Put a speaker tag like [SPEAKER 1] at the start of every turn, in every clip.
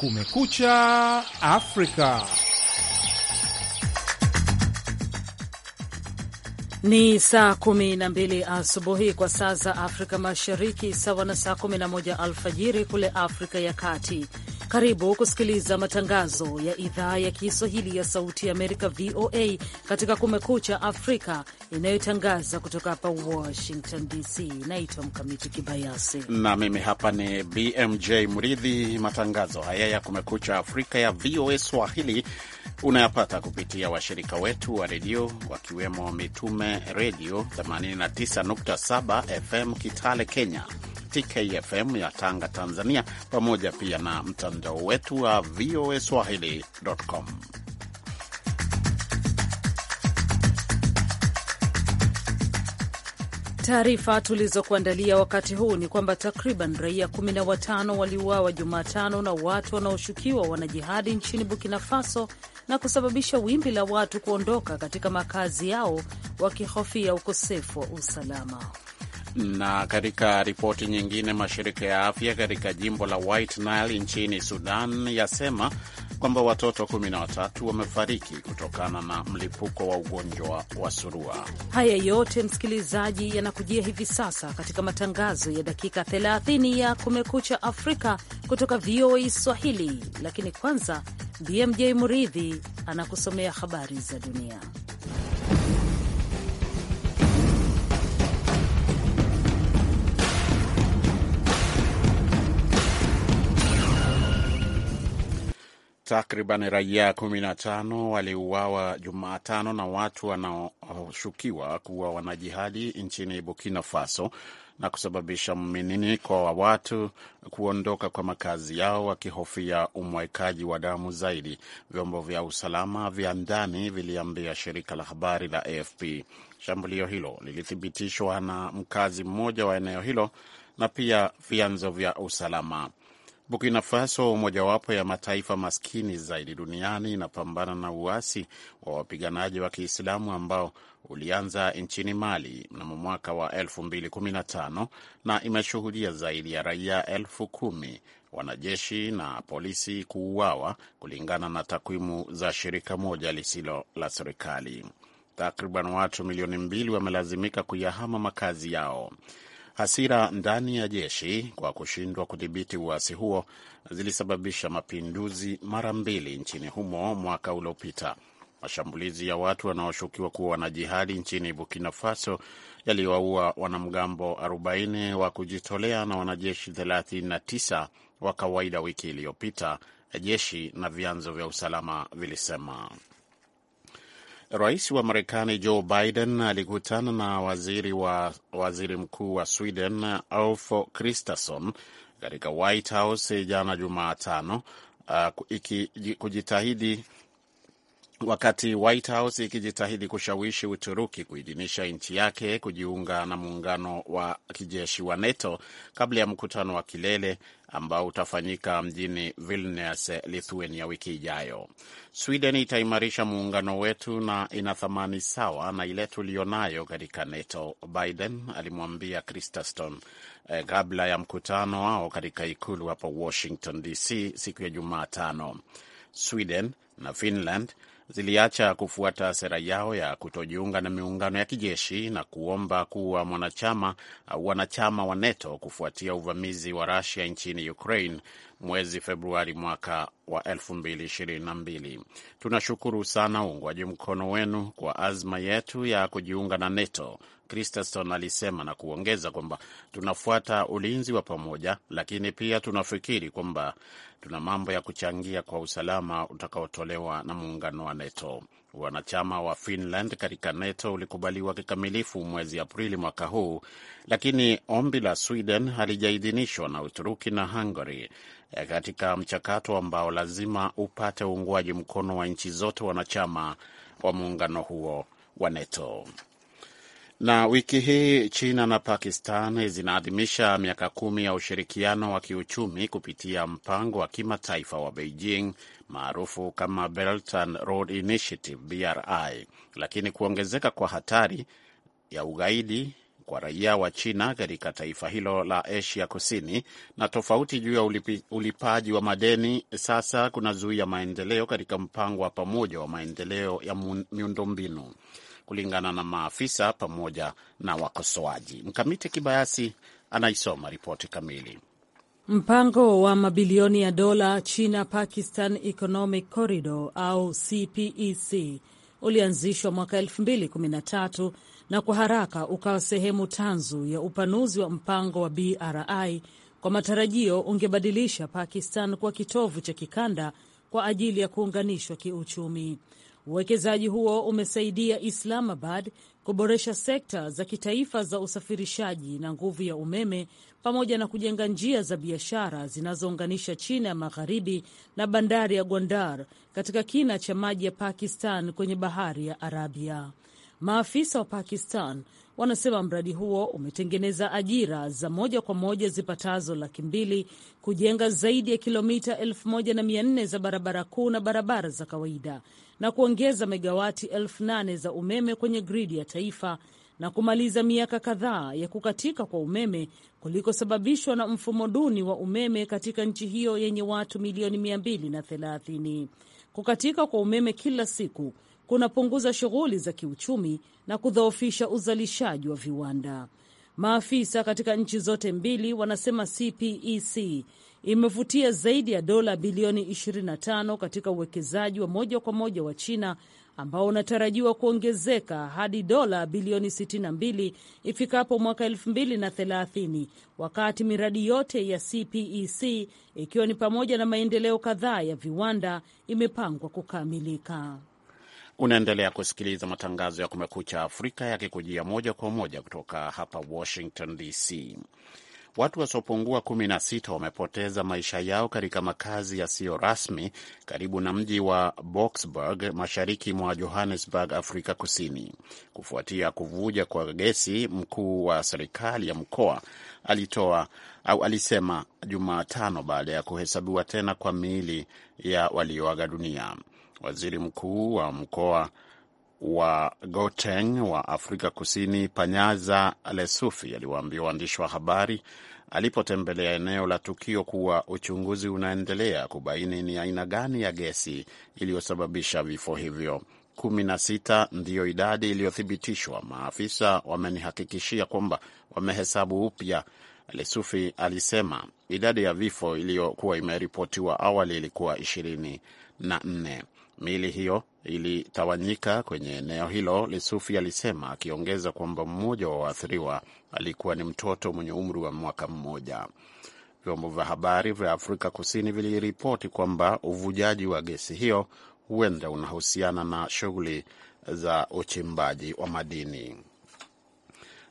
[SPEAKER 1] Kumekucha Afrika.
[SPEAKER 2] Ni saa kumi na mbili asubuhi kwa saa za Afrika Mashariki, sawa na saa kumi na moja alfajiri kule Afrika ya Kati. Karibu kusikiliza matangazo ya idhaa ya Kiswahili ya Sauti ya Amerika, VOA, katika Kumekucha Afrika inayotangaza kutoka hapa Washington DC. Naitwa Mkamiti Kibayasi
[SPEAKER 3] na mimi hapa ni BMJ Mridhi. Matangazo haya ya Kumekucha Afrika ya VOA Swahili unayapata kupitia washirika wetu wa redio wakiwemo Mitume Redio 89.7 FM Kitale Kenya, TKFM ya Tanga Tanzania, pamoja pia na mtandao mtandao wetu wa VOA Swahili.com.
[SPEAKER 2] Taarifa tulizokuandalia wakati huu ni kwamba takriban raia 15 waliuawa Jumatano na watu wanaoshukiwa wanajihadi nchini Burkina Faso na kusababisha wimbi la watu kuondoka katika makazi yao wakihofia ukosefu wa usalama.
[SPEAKER 3] Na katika ripoti nyingine, mashirika ya afya katika jimbo la White Nile nchini Sudan yasema kwamba watoto 13 wamefariki kutokana na mlipuko wa ugonjwa wa surua.
[SPEAKER 2] Haya yote msikilizaji, yanakujia hivi sasa katika matangazo ya dakika 30 ya Kumekucha Afrika kutoka VOA Swahili, lakini kwanza BMJ Muridhi anakusomea habari za dunia.
[SPEAKER 3] Takriban raia 15 waliuawa Jumatano na watu wanaoshukiwa kuwa wanajihadi nchini Burkina Faso na kusababisha mmininiko wa watu kuondoka kwa makazi yao wakihofia umwekaji wa damu zaidi, vyombo vya usalama vya ndani viliambia shirika la habari la AFP. Shambulio hilo lilithibitishwa na mkazi mmoja wa eneo hilo na pia vyanzo vya usalama. Burkina Faso, mojawapo ya mataifa maskini zaidi duniani, inapambana na uasi wa wapiganaji wa Kiislamu ambao ulianza nchini Mali mnamo mwaka wa 2015 na imeshuhudia zaidi ya raia elfu kumi wanajeshi na polisi kuuawa, kulingana na takwimu za shirika moja lisilo la serikali. Takriban watu milioni mbili wamelazimika kuyahama makazi yao. Hasira ndani ya jeshi kwa kushindwa kudhibiti uasi huo zilisababisha mapinduzi mara mbili nchini humo mwaka uliopita. Mashambulizi ya watu wanaoshukiwa kuwa wanajihadi nchini Burkina Faso yaliwaua wanamgambo 40 wa kujitolea na wanajeshi 39 wa kawaida wiki iliyopita, jeshi na vyanzo vya usalama vilisema. Rais wa Marekani Joe Biden alikutana na waziri wa waziri mkuu wa Sweden Ulf Kristersson katika White House jana Jumatano, uh, kujitahidi wakati White House ikijitahidi kushawishi Uturuki kuidhinisha nchi yake kujiunga na muungano wa kijeshi wa NATO kabla ya mkutano wa kilele ambao utafanyika mjini Vilnius, Lithuania, wiki ijayo. Sweden itaimarisha muungano wetu na ina thamani sawa na ile tuliyonayo katika NATO, Biden alimwambia Kristersson eh, kabla ya mkutano wao katika ikulu hapo Washington DC siku ya Jumatano. Sweden na Finland ziliacha kufuata sera yao ya kutojiunga na miungano ya kijeshi na kuomba kuwa mwanachama au wanachama wa NATO kufuatia uvamizi wa rasia nchini Ukraine mwezi Februari mwaka wa 2022. Tunashukuru sana uungwaji mkono wenu kwa azma yetu ya kujiunga na NATO, Christensen alisema na kuongeza kwamba tunafuata ulinzi wa pamoja, lakini pia tunafikiri kwamba tuna mambo ya kuchangia kwa usalama utakaotolewa na muungano wa NATO. Wanachama wa Finland katika NATO ulikubaliwa kikamilifu mwezi Aprili mwaka huu, lakini ombi la Sweden halijaidhinishwa na Uturuki na Hungary e, katika mchakato ambao lazima upate uungwaji mkono wa nchi zote wanachama wa muungano huo wa NATO. Na wiki hii China na Pakistan zinaadhimisha miaka kumi ya ushirikiano wa kiuchumi kupitia mpango wa kimataifa wa Beijing maarufu kama Belt and Road Initiative BRI, lakini kuongezeka kwa hatari ya ugaidi kwa raia wa China katika taifa hilo la Asia Kusini na tofauti juu ya ulipaji wa madeni sasa kunazuia maendeleo katika mpango wa pamoja wa maendeleo ya miundombinu kulingana na maafisa pamoja na wakosoaji. Mkamiti Kibayasi anaisoma ripoti kamili.
[SPEAKER 2] Mpango wa mabilioni ya dola China Pakistan Economic Corridor au CPEC e ulianzishwa mwaka 2013 na kwa haraka ukawa sehemu tanzu ya upanuzi wa mpango wa BRI kwa matarajio ungebadilisha Pakistan kuwa kitovu cha kikanda kwa ajili ya kuunganishwa kiuchumi. Uwekezaji huo umesaidia Islamabad kuboresha sekta za kitaifa za usafirishaji na nguvu ya umeme pamoja na kujenga njia za biashara zinazounganisha China ya magharibi na bandari ya Gondar katika kina cha maji ya Pakistan kwenye bahari ya Arabia. Maafisa wa Pakistan wanasema mradi huo umetengeneza ajira za moja kwa moja zipatazo laki mbili, kujenga zaidi ya kilomita elfu moja na mia nne za barabara kuu na barabara za kawaida na kuongeza megawati elfu nane za umeme kwenye gridi ya taifa na kumaliza miaka kadhaa ya kukatika kwa umeme kulikosababishwa na mfumo duni wa umeme katika nchi hiyo yenye watu milioni 230. Kukatika kwa umeme kila siku kunapunguza shughuli za kiuchumi na kudhoofisha uzalishaji wa viwanda. Maafisa katika nchi zote mbili wanasema CPEC e imevutia zaidi ya dola bilioni 25 katika uwekezaji wa moja kwa moja wa China ambao unatarajiwa kuongezeka hadi dola bilioni 62 ifikapo mwaka 2030, wakati miradi yote ya CPEC e ikiwa ni pamoja na maendeleo kadhaa ya viwanda imepangwa kukamilika.
[SPEAKER 3] Unaendelea kusikiliza matangazo ya Kumekucha Afrika yakikujia moja kwa moja kutoka hapa Washington DC. Watu wasiopungua 16 wamepoteza maisha yao katika makazi yasiyo rasmi karibu na mji wa Boksburg, mashariki mwa Johannesburg, Afrika Kusini, kufuatia kuvuja kwa gesi. Mkuu wa serikali ya mkoa alitoa au alisema Jumatano baada ya kuhesabiwa tena kwa miili ya walioaga dunia. Waziri mkuu wa mkoa wa Gauteng wa Afrika Kusini, Panyaza Lesufi, aliwaambia waandishi wa habari alipotembelea eneo la tukio kuwa uchunguzi unaendelea kubaini ni aina gani ya gesi iliyosababisha vifo hivyo. Kumi na sita ndiyo idadi iliyothibitishwa. Maafisa wamenihakikishia kwamba wamehesabu upya, Lesufi alisema. Idadi ya vifo iliyokuwa imeripotiwa awali ilikuwa ishirini na nne. Mili hiyo ilitawanyika kwenye eneo hilo, Lisufi alisema, akiongeza kwamba mmoja wa waathiriwa alikuwa ni mtoto mwenye umri wa mwaka mmoja. Vyombo vya habari vya Afrika Kusini viliripoti kwamba uvujaji wa gesi hiyo huenda unahusiana na shughuli za uchimbaji wa madini.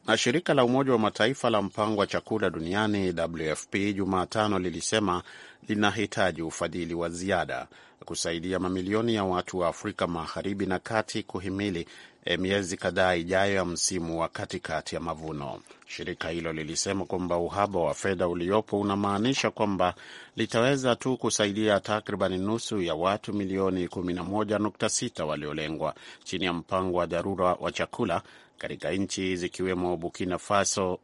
[SPEAKER 3] Na shirika la Umoja wa Mataifa la mpango wa chakula duniani WFP Jumatano lilisema linahitaji ufadhili wa ziada kusaidia mamilioni ya watu wa Afrika Magharibi na Kati kuhimili e, miezi kadhaa ijayo ya msimu wa katikati ya mavuno. Shirika hilo lilisema kwamba uhaba wa fedha uliopo unamaanisha kwamba litaweza tu kusaidia takribani nusu ya watu milioni 11.6 waliolengwa chini ya mpango wa dharura wa chakula katika nchi zikiwemo Burkina Faso,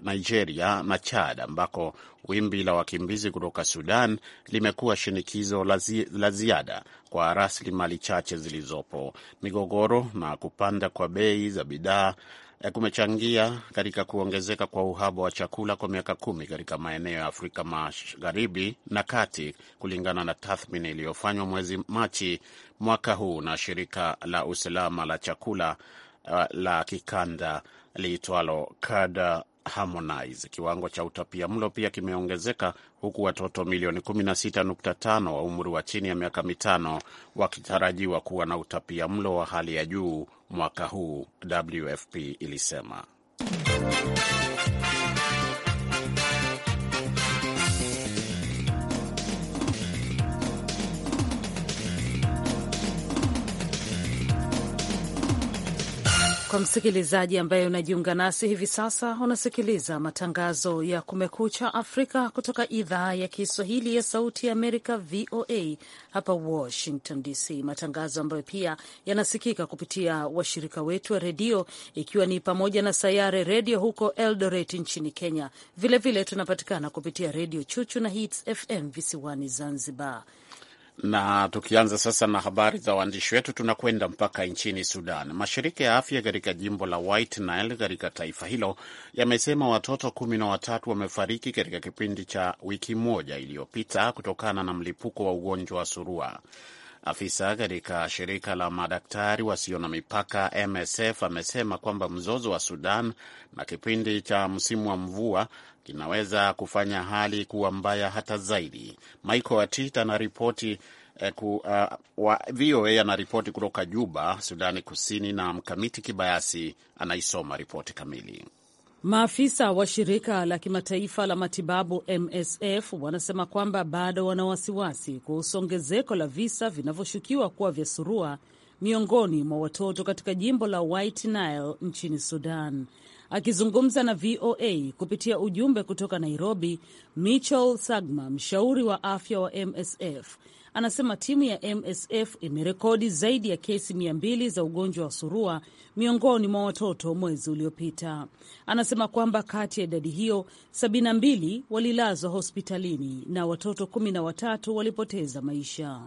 [SPEAKER 3] Nigeria na Chad ambako wimbi la wakimbizi kutoka Sudan limekuwa shinikizo la ziada kwa rasilimali chache zilizopo. Migogoro na kupanda kwa bei za bidhaa eh, kumechangia katika kuongezeka kwa uhaba wa chakula kwa miaka kumi katika maeneo ya Afrika magharibi na kati, kulingana na tathmini iliyofanywa mwezi Machi mwaka huu na shirika la usalama la chakula eh, la kikanda liitwalo Kada Harmonize. Kiwango cha utapia mlo pia kimeongezeka huku watoto milioni 16.5 wa umri wa chini ya miaka mitano wakitarajiwa kuwa na utapia mlo wa hali ya juu mwaka huu, WFP ilisema.
[SPEAKER 2] Kwa msikilizaji ambaye unajiunga nasi hivi sasa, unasikiliza matangazo ya Kumekucha Afrika kutoka idhaa ya Kiswahili ya Sauti ya Amerika, VOA hapa Washington DC, matangazo ambayo pia yanasikika kupitia washirika wetu wa redio, ikiwa ni pamoja na Sayare Redio huko Eldoret nchini Kenya. Vilevile tunapatikana kupitia Redio Chuchu na Hits FM visiwani Zanzibar.
[SPEAKER 3] Na tukianza sasa na habari za waandishi wetu, tunakwenda mpaka nchini Sudan. Mashirika ya afya katika jimbo la White Nile katika taifa hilo yamesema watoto kumi na watatu wamefariki katika kipindi cha wiki moja iliyopita kutokana na mlipuko wa ugonjwa wa surua. Afisa katika shirika la madaktari wasio na mipaka MSF amesema kwamba mzozo wa Sudan na kipindi cha msimu wa mvua kinaweza kufanya hali kuwa mbaya hata zaidi. Michael Atit anaripoti eh, ku, uh, wa, VOA anaripoti kutoka Juba, Sudani Kusini, na Mkamiti Kibayasi anaisoma ripoti
[SPEAKER 2] kamili. Maafisa wa shirika la kimataifa la matibabu MSF wanasema kwamba bado wana wasiwasi kuhusu ongezeko la visa vinavyoshukiwa kuwa vya surua miongoni mwa watoto katika jimbo la White Nile nchini Sudan. Akizungumza na VOA kupitia ujumbe kutoka Nairobi, Michel Sagma, mshauri wa afya wa MSF, anasema timu ya MSF imerekodi zaidi ya kesi mia mbili za ugonjwa wa surua miongoni mwa watoto mwezi uliopita. Anasema kwamba kati ya idadi hiyo, 72 walilazwa hospitalini na watoto kumi na watatu walipoteza maisha.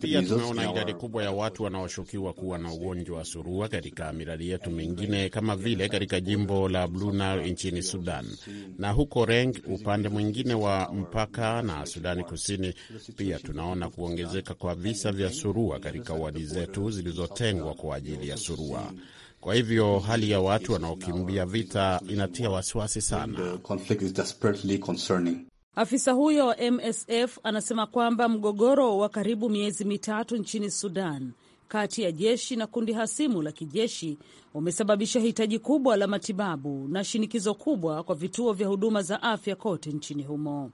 [SPEAKER 3] Pia tunaona idadi kubwa ya watu wanaoshukiwa kuwa na ugonjwa wa surua katika miradi yetu mingine kama vile katika jimbo la Blue Nile nchini Sudan na huko Reng upande mwingine wa mpaka na Sudani Kusini. Pia tunaona kuongezeka kwa visa vya surua katika wadi zetu zilizotengwa kwa ajili ya surua. Kwa hivyo hali ya watu wanaokimbia vita inatia wasiwasi sana.
[SPEAKER 2] Afisa huyo wa MSF anasema kwamba mgogoro wa karibu miezi mitatu nchini Sudan kati ya jeshi na kundi hasimu la kijeshi umesababisha hitaji kubwa la matibabu na shinikizo kubwa kwa vituo vya huduma za afya kote nchini humo.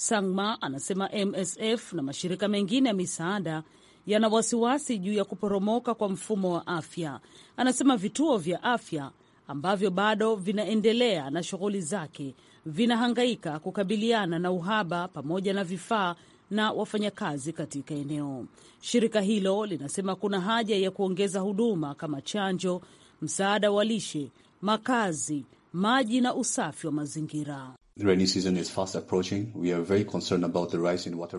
[SPEAKER 2] Sangma anasema MSF na mashirika mengine ya misaada yana wasiwasi juu ya kuporomoka kwa mfumo wa afya. Anasema vituo vya afya ambavyo bado vinaendelea na shughuli zake vinahangaika kukabiliana na uhaba pamoja na vifaa na wafanyakazi katika eneo. Shirika hilo linasema kuna haja ya kuongeza huduma kama chanjo, msaada wa lishe, makazi, maji na usafi wa mazingira.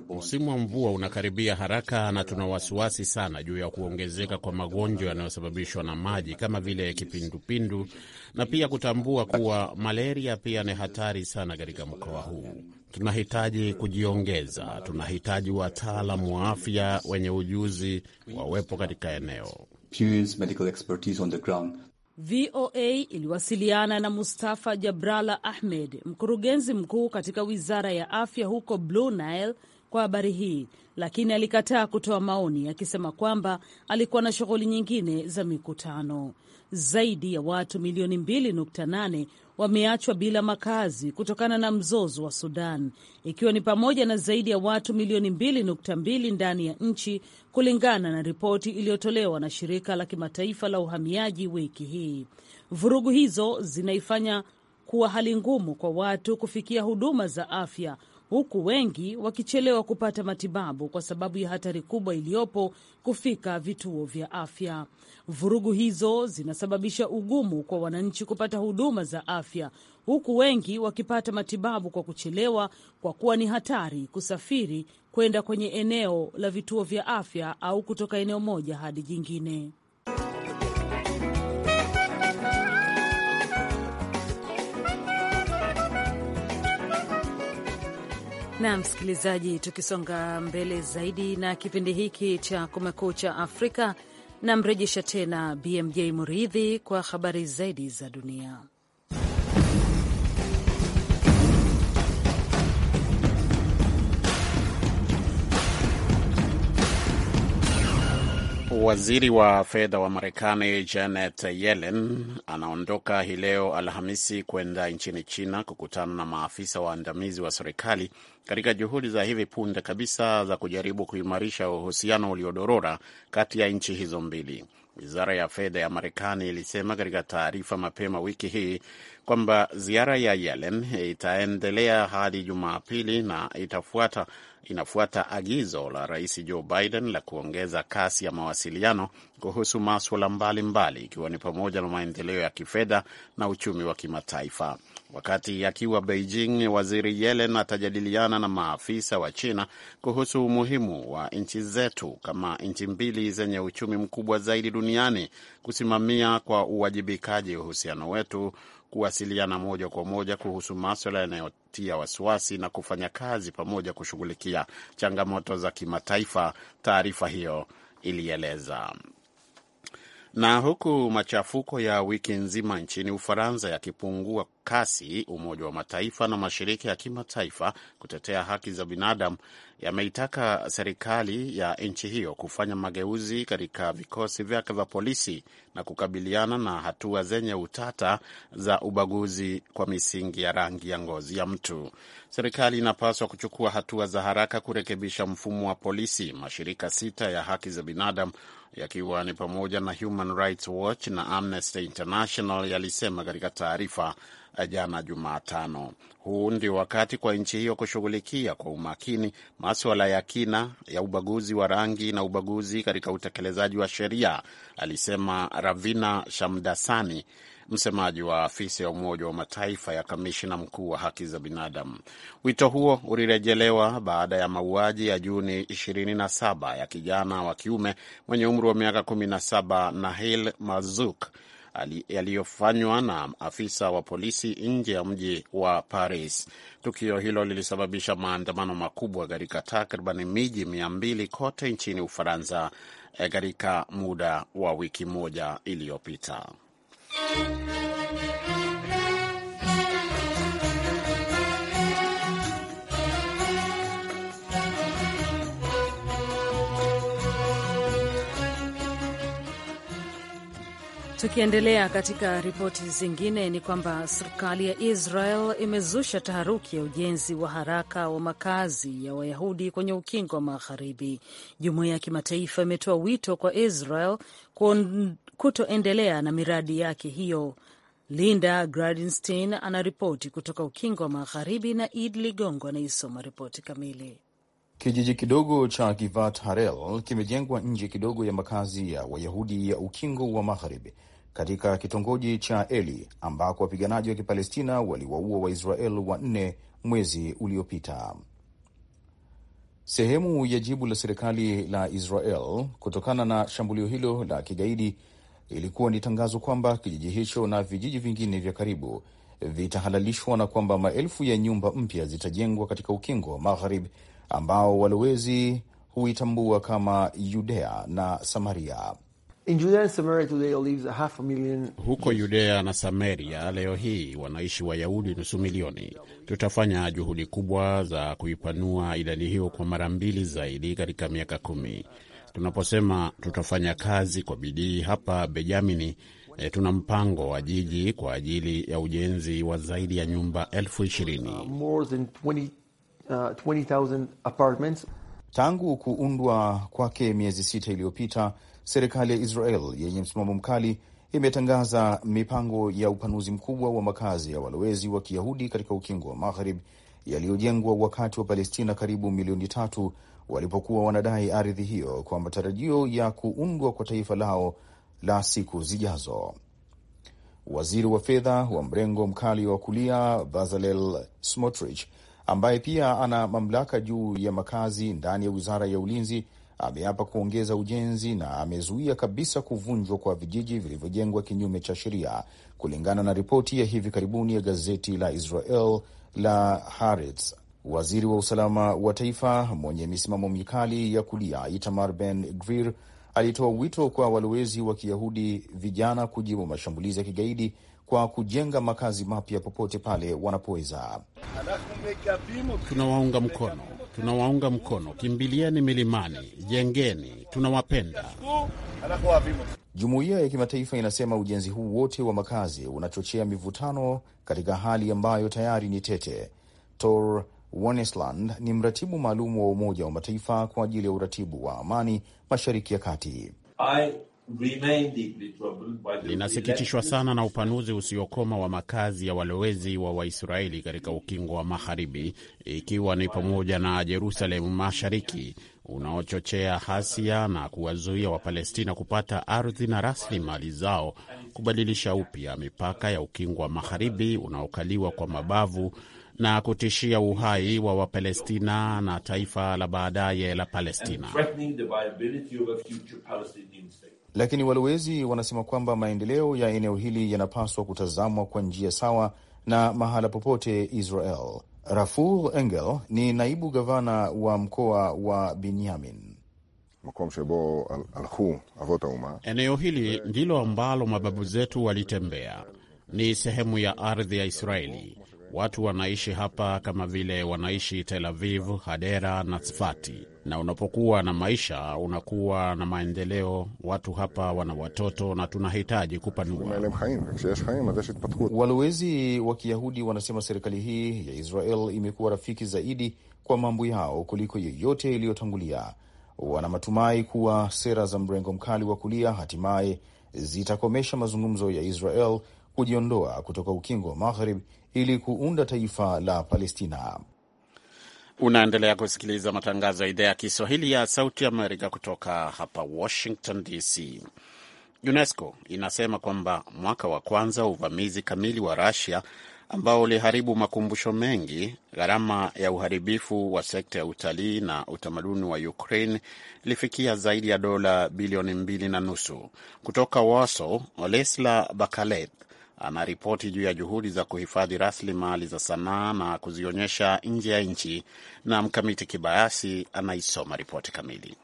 [SPEAKER 3] Msimu wa mvua unakaribia haraka na tuna wasiwasi sana juu ya kuongezeka kwa magonjwa yanayosababishwa na maji kama vile kipindupindu na pia kutambua kuwa malaria pia ni hatari sana katika mkoa huu. Tunahitaji kujiongeza, tunahitaji wataalamu wa afya wenye ujuzi wawepo katika eneo. medical expertise on the ground
[SPEAKER 2] VOA iliwasiliana na Mustafa Jabrala Ahmed, mkurugenzi mkuu katika wizara ya afya huko Blue Nile kwa habari hii, lakini alikataa kutoa maoni akisema kwamba alikuwa na shughuli nyingine za mikutano. Zaidi ya watu milioni 2.8 wameachwa bila makazi kutokana na mzozo wa Sudan, ikiwa ni pamoja na zaidi ya watu milioni 2.2 ndani ya nchi, kulingana na ripoti iliyotolewa na shirika la kimataifa la uhamiaji wiki hii. Vurugu hizo zinaifanya kuwa hali ngumu kwa watu kufikia huduma za afya huku wengi wakichelewa kupata matibabu kwa sababu ya hatari kubwa iliyopo kufika vituo vya afya. Vurugu hizo zinasababisha ugumu kwa wananchi kupata huduma za afya, huku wengi wakipata matibabu kwa kuchelewa, kwa kuwa ni hatari kusafiri kwenda kwenye eneo la vituo vya afya au kutoka eneo moja hadi jingine. na msikilizaji, tukisonga mbele zaidi na kipindi hiki cha Kumekucha Afrika, namrejesha tena BMJ Muridhi kwa habari zaidi za dunia.
[SPEAKER 3] Waziri wa fedha wa Marekani Janet Yellen anaondoka hii leo Alhamisi kwenda nchini China kukutana na maafisa waandamizi wa, wa serikali katika juhudi za hivi punde kabisa za kujaribu kuimarisha uhusiano uliodorora kati ya nchi hizo mbili. Wizara ya fedha ya Marekani ilisema katika taarifa mapema wiki hii kwamba ziara ya Yellen itaendelea hadi Jumapili na itafuata inafuata agizo la Rais Joe Biden la kuongeza kasi ya mawasiliano kuhusu maswala mbalimbali, ikiwa ni pamoja na maendeleo ya kifedha na uchumi wa kimataifa. Wakati akiwa Beijing, Waziri Yellen atajadiliana na maafisa wa China kuhusu umuhimu wa nchi zetu kama nchi mbili zenye uchumi mkubwa zaidi duniani kusimamia kwa uwajibikaji uhusiano wetu kuwasiliana moja kwa moja kuhusu maswala yanayotia wasiwasi na kufanya kazi pamoja kushughulikia changamoto za kimataifa, taarifa hiyo ilieleza. Na huku machafuko ya wiki nzima nchini Ufaransa yakipungua kasi, Umoja wa Mataifa na mashirika ya kimataifa kutetea haki za binadamu yameitaka serikali ya nchi hiyo kufanya mageuzi katika vikosi vyake vya polisi na kukabiliana na hatua zenye utata za ubaguzi kwa misingi ya rangi ya ngozi ya mtu. Serikali inapaswa kuchukua hatua za haraka kurekebisha mfumo wa polisi. Mashirika sita ya haki za binadamu yakiwa ni pamoja na Human Rights Watch na Amnesty International yalisema katika taarifa Eh, jana Jumatano. Huu ndio wakati kwa nchi hiyo kushughulikia kwa umakini maswala ya kina ya ubaguzi wa rangi na ubaguzi katika utekelezaji wa sheria, alisema Ravina Shamdasani, msemaji wa afisi ya Umoja wa Mataifa ya kamishina mkuu wa haki za binadamu. Wito huo ulirejelewa baada ya mauaji ya Juni 27 ya kijana wa kiume mwenye umri wa miaka 17 Nahil Mazuk yaliyofanywa na afisa wa polisi nje ya mji wa Paris. Tukio hilo lilisababisha maandamano makubwa katika takriban miji mia mbili kote nchini Ufaransa eh, katika muda wa wiki moja iliyopita.
[SPEAKER 2] Tukiendelea katika ripoti zingine ni kwamba serikali ya Israel imezusha taharuki ya ujenzi wa haraka wa makazi ya Wayahudi kwenye ukingo wa Magharibi. Jumuiya ya kimataifa imetoa wito kwa Israel kutoendelea na miradi yake hiyo. Linda Gradinstein anaripoti kutoka ukingo wa Magharibi na Id Ligongo anaisoma ripoti kamili.
[SPEAKER 1] Kijiji kidogo cha Givat Harel kimejengwa nje kidogo ya makazi ya Wayahudi ya ukingo wa Magharibi katika kitongoji cha Eli ambako wapiganaji wa Kipalestina waliwaua Waisrael wanne mwezi uliopita. Sehemu ya jibu la serikali la Israel kutokana na shambulio hilo la kigaidi ilikuwa ni tangazo kwamba kijiji hicho na vijiji vingine vya karibu vitahalalishwa na kwamba maelfu ya nyumba mpya zitajengwa katika ukingo wa Magharibi ambao walowezi huitambua kama Yudea na Samaria.
[SPEAKER 3] Huko Yudea na Samaria leo hii wanaishi Wayahudi nusu milioni. Tutafanya juhudi kubwa za kuipanua idadi hiyo kwa mara mbili zaidi katika miaka kumi. Tunaposema tutafanya kazi kwa bidii hapa benjamini e, tuna mpango wa jiji kwa ajili ya ujenzi wa zaidi ya nyumba elfu ishirini.
[SPEAKER 1] Uh, uh, Tangu kuundwa kwake miezi sita iliyopita serikali ya Israel yenye msimamo mkali imetangaza mipango ya upanuzi mkubwa wa makazi ya walowezi wa Kiyahudi katika ukingo wa Magharib yaliyojengwa wakati wa Palestina karibu milioni tatu walipokuwa wanadai ardhi hiyo kwa matarajio ya kuundwa kwa taifa lao la siku zijazo. Waziri wa fedha wa mrengo mkali wa kulia Bazalel Smotrich ambaye pia ana mamlaka juu ya makazi ndani ya wizara ya ulinzi ameapa kuongeza ujenzi na amezuia kabisa kuvunjwa kwa vijiji vilivyojengwa kinyume cha sheria, kulingana na ripoti ya hivi karibuni ya gazeti la Israel la Haaretz. Waziri wa usalama wa taifa mwenye misimamo mikali ya kulia Itamar Ben Gvir alitoa wito kwa walowezi wa Kiyahudi vijana kujibu mashambulizi ya kigaidi kwa kujenga makazi mapya popote pale wanapoweza.
[SPEAKER 3] Tunawaunga mkono tunawaunga mkono, kimbilieni milimani, jengeni, tunawapenda.
[SPEAKER 1] Jumuiya ya kimataifa inasema ujenzi huu wote wa makazi unachochea mivutano katika hali ambayo tayari ni tete. Tor Wonesland ni mratibu maalum wa Umoja wa Mataifa kwa ajili ya uratibu wa amani
[SPEAKER 3] Mashariki ya Kati. I... Linasikitishwa sana na upanuzi usiokoma wa makazi ya walowezi wa Waisraeli katika ukingo wa Magharibi, ikiwa ni pamoja na Jerusalemu Mashariki, unaochochea hasia na kuwazuia Wapalestina kupata ardhi na rasilimali zao, kubadilisha upya mipaka ya ukingo wa Magharibi unaokaliwa kwa mabavu na kutishia uhai wa Wapalestina na taifa la baadaye la Palestina
[SPEAKER 1] lakini walowezi wanasema kwamba maendeleo ya eneo hili yanapaswa kutazamwa kwa njia sawa na mahala popote Israel. rafur Engel ni naibu gavana wa mkoa wa Binyamin.
[SPEAKER 3] Eneo hili ndilo ambalo mababu zetu walitembea, ni sehemu ya ardhi ya Israeli. Watu wanaishi hapa kama vile wanaishi Tel Aviv, Hadera na Sfati, Na unapokuwa na maisha unakuwa na maendeleo. Watu hapa wana watoto na tunahitaji kupanua.
[SPEAKER 1] Walowezi wa Kiyahudi wanasema serikali hii ya Israel imekuwa rafiki zaidi kwa mambo yao kuliko yeyote iliyotangulia. Wana matumai kuwa sera za mrengo mkali wa kulia hatimaye zitakomesha mazungumzo ya Israel kujiondoa kutoka ukingo wa Magharibi ili kuunda taifa la Palestina.
[SPEAKER 3] Unaendelea kusikiliza matangazo ya idhaa ya Kiswahili ya Sauti Amerika kutoka hapa Washington DC. UNESCO inasema kwamba mwaka wa kwanza uvamizi kamili wa Rusia ambao uliharibu makumbusho mengi, gharama ya uharibifu wa sekta ya utalii na utamaduni wa Ukraine ilifikia zaidi ya dola bilioni mbili na nusu. Kutoka Warsaw, Olesla Bakalet anaripoti juu ya juhudi za kuhifadhi rasilimali za sanaa na kuzionyesha nje ya nchi, na Mkamiti Kibayasi anaisoma ripoti kamili.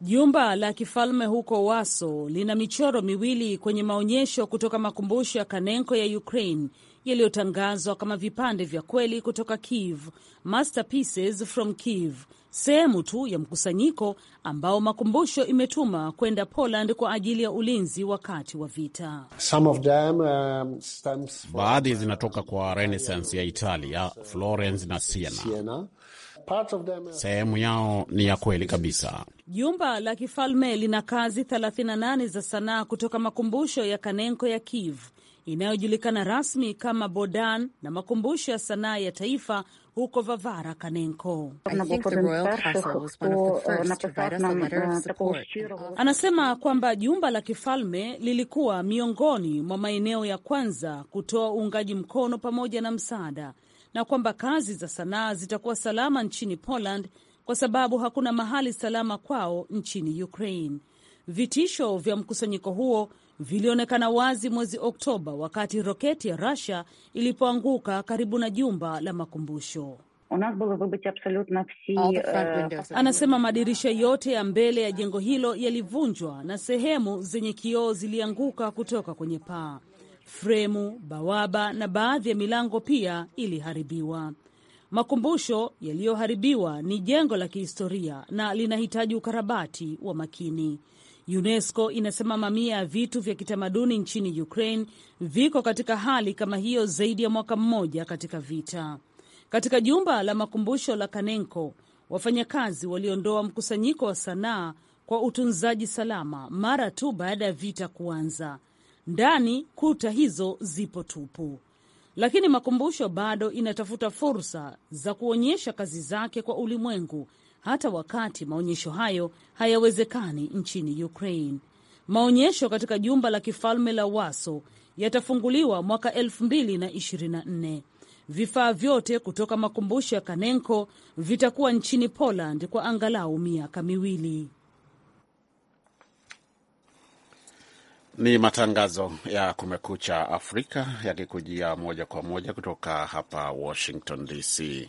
[SPEAKER 2] Jumba la kifalme huko Waso lina michoro miwili kwenye maonyesho kutoka makumbusho ya Kanenko ya Ukraine yaliyotangazwa kama vipande vya kweli kutoka Kiev, masterpieces from Kiev sehemu tu ya mkusanyiko ambao makumbusho imetuma kwenda Poland kwa ajili ya ulinzi wakati wa vita.
[SPEAKER 3] Some of them, um, stems for... baadhi uh, zinatoka kwa Renaissance ya Italia, Florence na Siena, Them... Uh, sehemu yao ni ya kweli kabisa.
[SPEAKER 2] Jumba la kifalme lina kazi 38 za sanaa kutoka makumbusho ya Kanenko ya Kiev inayojulikana rasmi kama Bodan na makumbusho ya sanaa ya taifa huko Vavara, Kanenko. Anasema kwamba jumba la kifalme lilikuwa miongoni mwa maeneo ya kwanza kutoa uungaji mkono pamoja na msaada, na kwamba kazi za sanaa zitakuwa salama nchini Poland kwa sababu hakuna mahali salama kwao nchini Ukraine. Vitisho vya mkusanyiko huo vilionekana wazi mwezi Oktoba wakati roketi ya rasia ilipoanguka karibu na jumba la makumbusho. Anasema madirisha yote ya mbele ya jengo hilo yalivunjwa na sehemu zenye kioo zilianguka kutoka kwenye paa. Fremu, bawaba na baadhi ya milango pia iliharibiwa. Makumbusho yaliyoharibiwa ni jengo la kihistoria na linahitaji ukarabati wa makini. UNESCO inasema mamia ya vitu vya kitamaduni nchini Ukraine viko katika hali kama hiyo zaidi ya mwaka mmoja katika vita. Katika jumba la makumbusho la Kanenko, wafanyakazi waliondoa mkusanyiko wa sanaa kwa utunzaji salama mara tu baada ya vita kuanza. Ndani kuta hizo zipo tupu, lakini makumbusho bado inatafuta fursa za kuonyesha kazi zake kwa ulimwengu hata wakati maonyesho hayo hayawezekani nchini Ukraine. Maonyesho katika jumba la kifalme la Waso yatafunguliwa mwaka 2024. Vifaa vyote kutoka makumbusho ya Kanenko vitakuwa nchini Poland kwa angalau miaka miwili.
[SPEAKER 3] Ni matangazo ya Kumekucha Afrika yakikujia moja kwa moja kutoka hapa Washington DC.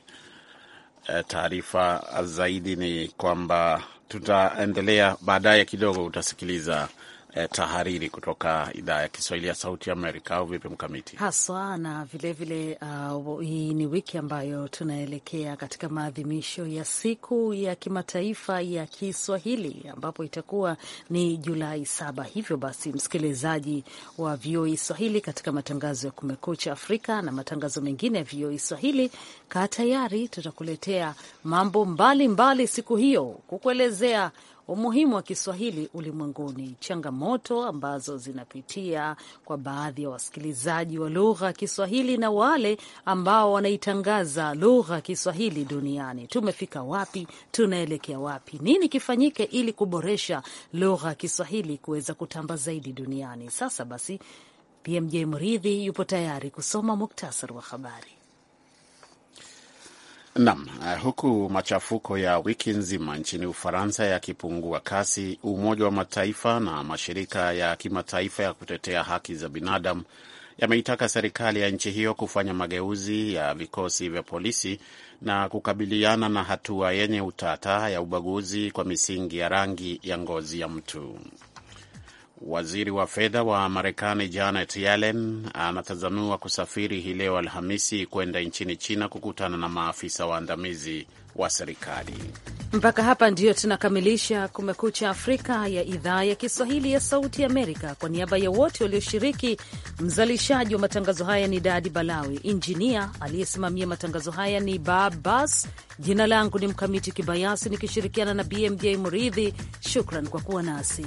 [SPEAKER 3] Eh, taarifa zaidi ni kwamba tutaendelea baadaye kidogo, utasikiliza eh, tahariri kutoka idhaa ya Kiswahili ya Sauti Amerika, au vipi Mkamiti
[SPEAKER 2] haswa? Na vilevile uh, hii ni wiki ambayo tunaelekea katika maadhimisho ya siku ya kimataifa ya Kiswahili ambapo itakuwa ni Julai saba. Hivyo basi, msikilizaji wa VOA e Swahili katika matangazo ya Kumekucha Afrika na matangazo mengine ya VOA e Swahili, kaa tayari, tutakuletea mambo mbalimbali mbali siku hiyo kukuelezea umuhimu wa Kiswahili ulimwenguni, changamoto ambazo zinapitia kwa baadhi ya wasikilizaji wa lugha ya Kiswahili na wale ambao wanaitangaza lugha ya Kiswahili duniani. Tumefika wapi? Tunaelekea wapi? Nini kifanyike ili kuboresha lugha ya Kiswahili kuweza kutamba zaidi duniani? Sasa basi, PMJ Mridhi yupo tayari kusoma muktasari wa habari
[SPEAKER 3] nam eh, huku machafuko ya wiki nzima nchini Ufaransa yakipungua kasi, Umoja wa Mataifa na mashirika ya kimataifa ya kutetea haki za binadamu yameitaka serikali ya nchi hiyo kufanya mageuzi ya vikosi vya polisi na kukabiliana na hatua yenye utata ya ubaguzi kwa misingi ya rangi ya ngozi ya mtu. Waziri wa fedha wa Marekani Janet Yellen anatazamiwa kusafiri hii leo Alhamisi kwenda nchini China kukutana na maafisa waandamizi wa serikali.
[SPEAKER 2] Mpaka hapa ndiyo tunakamilisha Kumekucha Afrika ya idhaa ya Kiswahili ya Sauti Amerika. Kwa niaba ya wote walioshiriki, mzalishaji wa matangazo haya ni Dadi Balawi, injinia aliyesimamia matangazo haya ni Babas. Jina langu ni Mkamiti Kibayasi nikishirikiana na BMJ Muridhi. Shukran kwa kuwa nasi.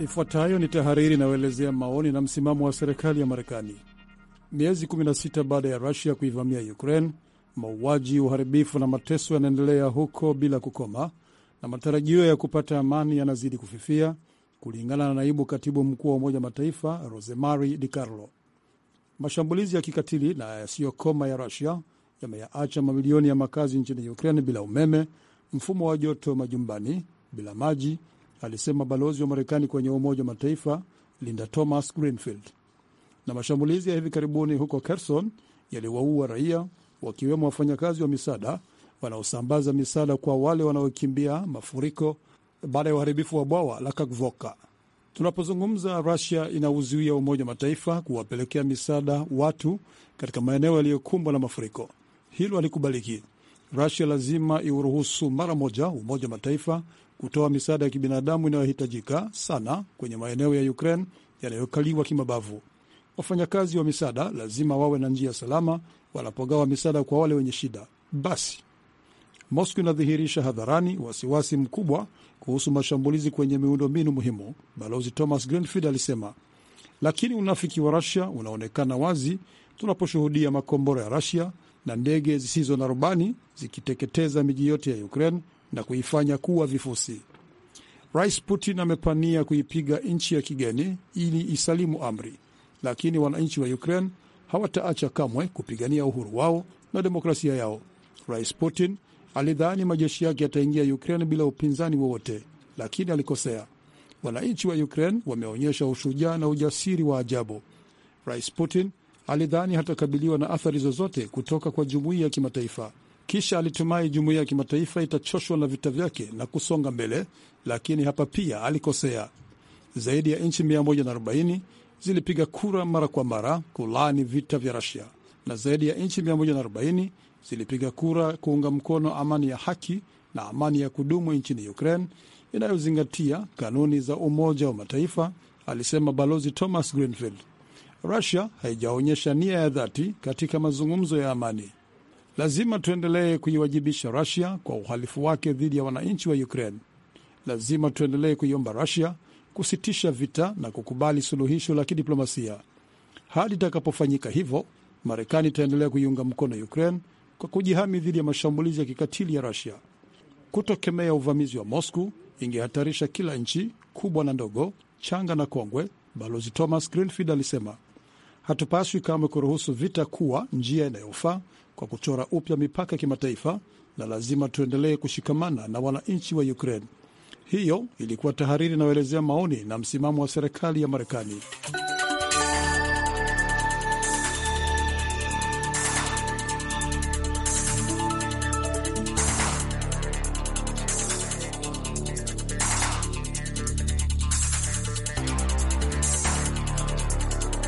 [SPEAKER 4] Ifuatayo ni tahariri inayoelezea maoni na msimamo wa serikali ya Marekani. Miezi 16 baada ya Rusia kuivamia Ukraine, mauaji, uharibifu na mateso yanaendelea huko bila kukoma, na matarajio ya kupata amani yanazidi kufifia, kulingana na naibu katibu mkuu wa Umoja wa Mataifa Rosemary Di Carlo. Mashambulizi ya kikatili na yasiyokoma ya Rusia yameyaacha mamilioni ya makazi nchini Ukraine bila umeme, mfumo wa joto majumbani, bila maji alisema balozi wa Marekani kwenye Umoja wa Mataifa Linda Thomas Greenfield. Na mashambulizi ya hivi karibuni huko Kherson yaliwaua raia wakiwemo wafanyakazi wa misaada wanaosambaza misaada kwa wale wanaokimbia mafuriko baada ya uharibifu wa bwawa la Kakvoka. Tunapozungumza, Rusia inauzuia Umoja wa Mataifa kuwapelekea misaada watu katika maeneo yaliyokumbwa na mafuriko. Hilo halikubaliki. Rusia lazima iuruhusu mara moja Umoja wa Mataifa kutoa misaada ya kibinadamu inayohitajika sana kwenye maeneo ya Ukraine yanayokaliwa kimabavu. Wafanyakazi wa misaada lazima wawe na njia salama wanapogawa misaada kwa wale wenye shida. Basi Moscow inadhihirisha hadharani wasiwasi mkubwa kuhusu mashambulizi kwenye miundombinu muhimu, Balozi Thomas Greenfield alisema. Lakini unafiki wa Rusia unaonekana wazi tunaposhuhudia makombora ya Rusia na ndege zisizo na rubani zikiteketeza miji yote ya Ukraine na kuifanya kuwa vifusi. Rais Putin amepania kuipiga nchi ya kigeni ili isalimu amri, lakini wananchi wa Ukraine hawataacha kamwe kupigania uhuru wao na demokrasia yao. Rais Putin alidhani majeshi yake yataingia Ukraine bila upinzani wowote, lakini alikosea. Wananchi wa Ukraine wameonyesha ushujaa na ujasiri wa ajabu. Rais Putin alidhani hatakabiliwa na athari zozote kutoka kwa jumuiya ya kimataifa. Kisha alitumai jumuiya ya kimataifa itachoshwa na vita vyake na kusonga mbele, lakini hapa pia alikosea. Zaidi ya nchi 140 zilipiga kura mara kwa mara kulaani vita vya Rusia na zaidi ya nchi 140 zilipiga kura kuunga mkono amani ya haki na amani ya kudumu nchini Ukraine inayozingatia kanuni za Umoja wa Mataifa, alisema Balozi Thomas Greenfield. Rusia haijaonyesha nia ya dhati katika mazungumzo ya amani. Lazima tuendelee kuiwajibisha Rusia kwa uhalifu wake dhidi ya wananchi wa Ukraine. Lazima tuendelee kuiomba Rusia kusitisha vita na kukubali suluhisho la kidiplomasia. Hadi itakapofanyika hivyo, Marekani itaendelea kuiunga mkono Ukraine kwa kujihami dhidi ya mashambulizi ya kikatili ya Rusia. Kutokemea uvamizi wa Moscow ingehatarisha kila nchi kubwa na ndogo, changa na kongwe, Balozi Thomas Greenfield alisema. Hatupaswi kamwe kuruhusu vita kuwa njia inayofaa kwa kuchora upya mipaka ya kimataifa, na lazima tuendelee kushikamana na wananchi wa Ukraine. Hiyo ilikuwa tahariri inayoelezea maoni na msimamo wa serikali ya Marekani.